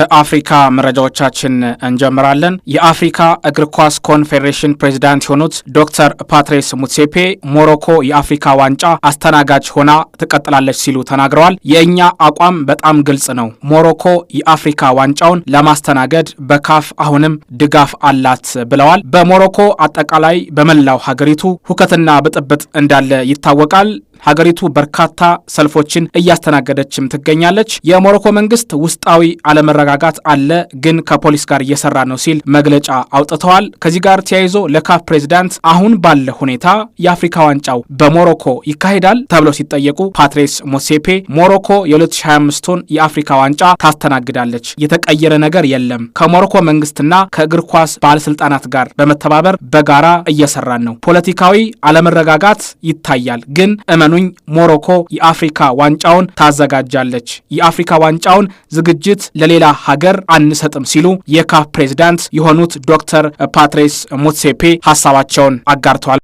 ከአፍሪካ መረጃዎቻችን እንጀምራለን። የአፍሪካ እግር ኳስ ኮንፌዴሬሽን ፕሬዚዳንት የሆኑት ዶክተር ፓትሬስ ሙሴፔ ሞሮኮ የአፍሪካ ዋንጫ አስተናጋጅ ሆና ትቀጥላለች ሲሉ ተናግረዋል። የእኛ አቋም በጣም ግልጽ ነው። ሞሮኮ የአፍሪካ ዋንጫውን ለማስተናገድ በካፍ አሁንም ድጋፍ አላት ብለዋል። በሞሮኮ አጠቃላይ በመላው ሀገሪቱ ሁከትና ብጥብጥ እንዳለ ይታወቃል። ሀገሪቱ በርካታ ሰልፎችን እያስተናገደችም ትገኛለች። የሞሮኮ መንግስት ውስጣዊ አለመረጋጋት አለ፣ ግን ከፖሊስ ጋር እየሰራ ነው ሲል መግለጫ አውጥተዋል። ከዚህ ጋር ተያይዞ ለካፍ ፕሬዚዳንት አሁን ባለ ሁኔታ የአፍሪካ ዋንጫው በሞሮኮ ይካሄዳል ተብለው ሲጠየቁ ፓትሬስ ሞሴፔ ሞሮኮ የ2025ቱን የአፍሪካ ዋንጫ ታስተናግዳለች፣ የተቀየረ ነገር የለም። ከሞሮኮ መንግስትና ከእግር ኳስ ባለስልጣናት ጋር በመተባበር በጋራ እየሰራን ነው። ፖለቲካዊ አለመረጋጋት ይታያል፣ ግን እመ እመኑኝ ሞሮኮ የአፍሪካ ዋንጫውን ታዘጋጃለች። የአፍሪካ ዋንጫውን ዝግጅት ለሌላ ሀገር አንሰጥም ሲሉ የካፍ ፕሬዚዳንት የሆኑት ዶክተር ፓትሬስ ሙትሴፔ ሀሳባቸውን አጋርተዋል።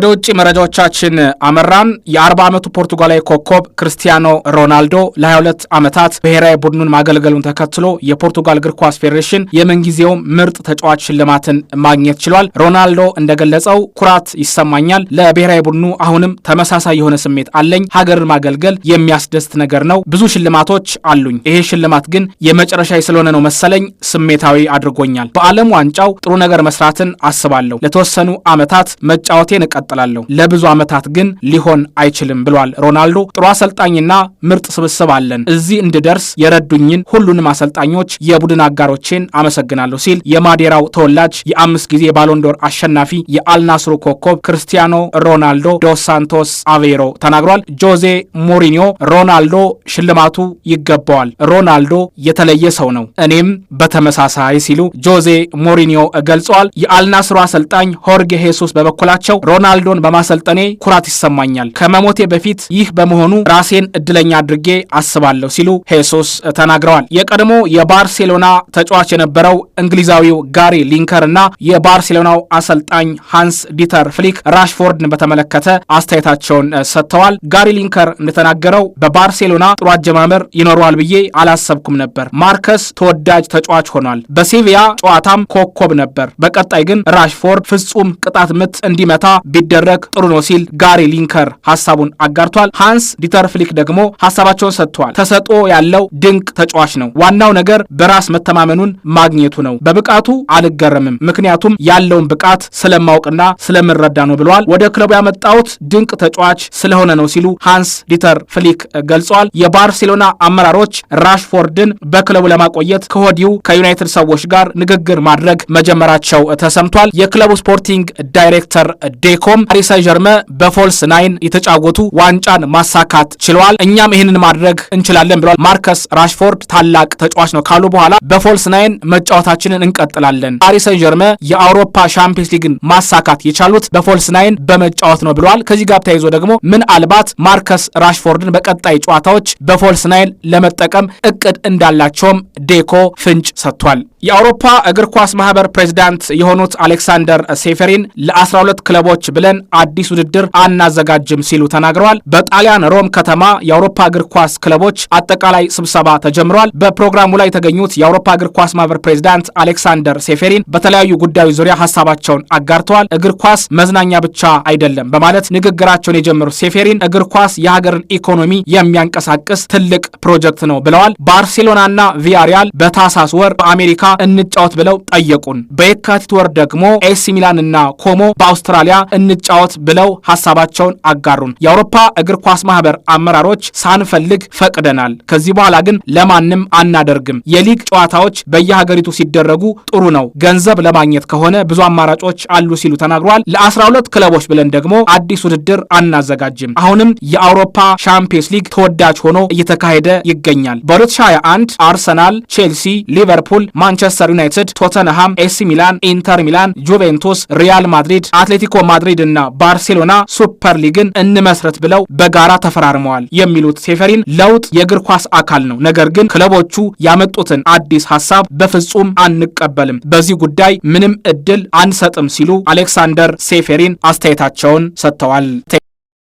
ወደ ውጭ መረጃዎቻችን አመራን። የ40 ዓመቱ ፖርቱጋላዊ ኮከብ ክርስቲያኖ ሮናልዶ ለ22 ዓመታት ብሔራዊ ቡድኑን ማገልገሉን ተከትሎ የፖርቱጋል እግር ኳስ ፌዴሬሽን የምንጊዜውም ምርጥ ተጫዋች ሽልማትን ማግኘት ችሏል። ሮናልዶ እንደገለጸው ኩራት ይሰማኛል፣ ለብሔራዊ ቡድኑ አሁንም ተመሳሳይ የሆነ ስሜት አለኝ። ሀገርን ማገልገል የሚያስደስት ነገር ነው። ብዙ ሽልማቶች አሉኝ። ይሄ ሽልማት ግን የመጨረሻ ስለሆነ ነው መሰለኝ ስሜታዊ አድርጎኛል። በዓለም ዋንጫው ጥሩ ነገር መስራትን አስባለሁ። ለተወሰኑ ዓመታት መጫወቴን እቀጥላለሁ፣ ለብዙ ዓመታት ግን ሊሆን አይችልም ብሏል ሮናልዶ። ጥሩ አሰልጣኝና ምርጥ ስብስብ አለን። እዚህ እንድደርስ የረዱኝን ሁሉንም አሰልጣኞች፣ የቡድን አጋሮቼን አመሰግናለሁ ሲል የማዴራው ተወላጅ የአምስት ጊዜ የባሎንዶር አሸናፊ የአልናስሩ ኮከብ ክርስቲያኖ ሮናልዶ ዶስ ሳንቶስ አቬሮ ተናግሯል። ጆዜ ሞሪኒዮ ሮናልዶ ሽልማቱ ይገባዋል፣ ሮናልዶ የተለየ ሰው ነው፣ እኔም በተመሳሳይ ሲሉ ጆዜ ሞሪኒዮ ገልጸዋል። የአልናስሩ አሰልጣኝ ሆርጌ ሄሱስ በበኩላቸው ሮናልዶ ሮናልዶን በማሰልጠኔ ኩራት ይሰማኛል። ከመሞቴ በፊት ይህ በመሆኑ ራሴን እድለኛ አድርጌ አስባለሁ ሲሉ ሄሶስ ተናግረዋል። የቀድሞ የባርሴሎና ተጫዋች የነበረው እንግሊዛዊው ጋሪ ሊንከር እና የባርሴሎናው አሰልጣኝ ሃንስ ዲተር ፍሊክ ራሽፎርድን በተመለከተ አስተያየታቸውን ሰጥተዋል። ጋሪ ሊንከር እንደተናገረው በባርሴሎና ጥሩ አጀማመር ይኖረዋል ብዬ አላሰብኩም ነበር። ማርከስ ተወዳጅ ተጫዋች ሆኗል። በሴቪያ ጨዋታም ኮከብ ነበር። በቀጣይ ግን ራሽፎርድ ፍጹም ቅጣት ምት እንዲመታ ቢደ ቢደረግ ጥሩ ነው ሲል ጋሪ ሊንከር ሀሳቡን አጋርቷል። ሃንስ ዲተር ፍሊክ ደግሞ ሀሳባቸውን ሰጥተዋል። ተሰጥኦ ያለው ድንቅ ተጫዋች ነው። ዋናው ነገር በራስ መተማመኑን ማግኘቱ ነው። በብቃቱ አልገረምም፣ ምክንያቱም ያለውን ብቃት ስለማወቅና ስለምረዳ ነው ብለዋል። ወደ ክለቡ ያመጣሁት ድንቅ ተጫዋች ስለሆነ ነው ሲሉ ሃንስ ዲተር ፍሊክ ገልጸዋል። የባርሴሎና አመራሮች ራሽፎርድን በክለቡ ለማቆየት ከወዲሁ ከዩናይትድ ሰዎች ጋር ንግግር ማድረግ መጀመራቸው ተሰምቷል። የክለቡ ስፖርቲንግ ዳይሬክተር ዴኮ አልፎም ፓሪስ ሳን በፎልስ ናይን የተጫወቱ ዋንጫን ማሳካት ችለዋል፣ እኛም ይህንን ማድረግ እንችላለን ብለዋል። ማርከስ ራሽፎርድ ታላቅ ተጫዋች ነው ካሉ በኋላ በፎልስ ናይን መጫወታችንን እንቀጥላለን። ፓሪስ ሳን የአውሮፓ ሻምፒየንስ ሊግን ማሳካት የቻሉት በፎልስ ናይን በመጫወት ነው ብለዋል። ከዚህ ጋር ተያይዞ ደግሞ ምናልባት ማርከስ ራሽፎርድን በቀጣይ ጨዋታዎች በፎልስ ናይን ለመጠቀም እቅድ እንዳላቸውም ዴኮ ፍንጭ ሰጥቷል። የአውሮፓ እግር ኳስ ማህበር ፕሬዚዳንት የሆኑት አሌክሳንደር ሴፌሪን ለ12 ክለቦች ብለን አዲስ ውድድር አናዘጋጅም ሲሉ ተናግረዋል። በጣሊያን ሮም ከተማ የአውሮፓ እግር ኳስ ክለቦች አጠቃላይ ስብሰባ ተጀምሯል። በፕሮግራሙ ላይ የተገኙት የአውሮፓ እግር ኳስ ማህበር ፕሬዚዳንት አሌክሳንደር ሴፌሪን በተለያዩ ጉዳዮች ዙሪያ ሀሳባቸውን አጋርተዋል። እግር ኳስ መዝናኛ ብቻ አይደለም በማለት ንግግራቸውን የጀመሩት ሴፌሪን እግር ኳስ የሀገርን ኢኮኖሚ የሚያንቀሳቅስ ትልቅ ፕሮጀክት ነው ብለዋል። ባርሴሎናና ቪያሪያል በታሳስ ወር በአሜሪካ እንጫወት ብለው ጠየቁን። በየካቲት ወር ደግሞ ኤሲ ሚላንና ኮሞ በአውስትራሊያ እንጫወት ብለው ሀሳባቸውን አጋሩን። የአውሮፓ እግር ኳስ ማህበር አመራሮች ሳንፈልግ ፈቅደናል፣ ከዚህ በኋላ ግን ለማንም አናደርግም። የሊግ ጨዋታዎች በየሀገሪቱ ሲደረጉ ጥሩ ነው፣ ገንዘብ ለማግኘት ከሆነ ብዙ አማራጮች አሉ ሲሉ ተናግሯል። ለ12 ክለቦች ብለን ደግሞ አዲስ ውድድር አናዘጋጅም። አሁንም የአውሮፓ ሻምፒየንስ ሊግ ተወዳጅ ሆኖ እየተካሄደ ይገኛል። በ2021 አርሰናል፣ ቼልሲ፣ ሊቨርፑል፣ ማንቸስተር ዩናይትድ፣ ቶተንሃም፣ ኤሲ ሚላን፣ ኢንተር ሚላን፣ ጁቬንቱስ፣ ሪያል ማድሪድ፣ አትሌቲኮ ማድሪድ ማድሪድና ባርሴሎና ሱፐር ሊግን እንመስረት ብለው በጋራ ተፈራርመዋል የሚሉት ሴፈሪን ለውጥ የእግር ኳስ አካል ነው፣ ነገር ግን ክለቦቹ ያመጡትን አዲስ ሀሳብ በፍጹም አንቀበልም፣ በዚህ ጉዳይ ምንም እድል አንሰጥም ሲሉ አሌክሳንደር ሴፌሪን አስተያየታቸውን ሰጥተዋል።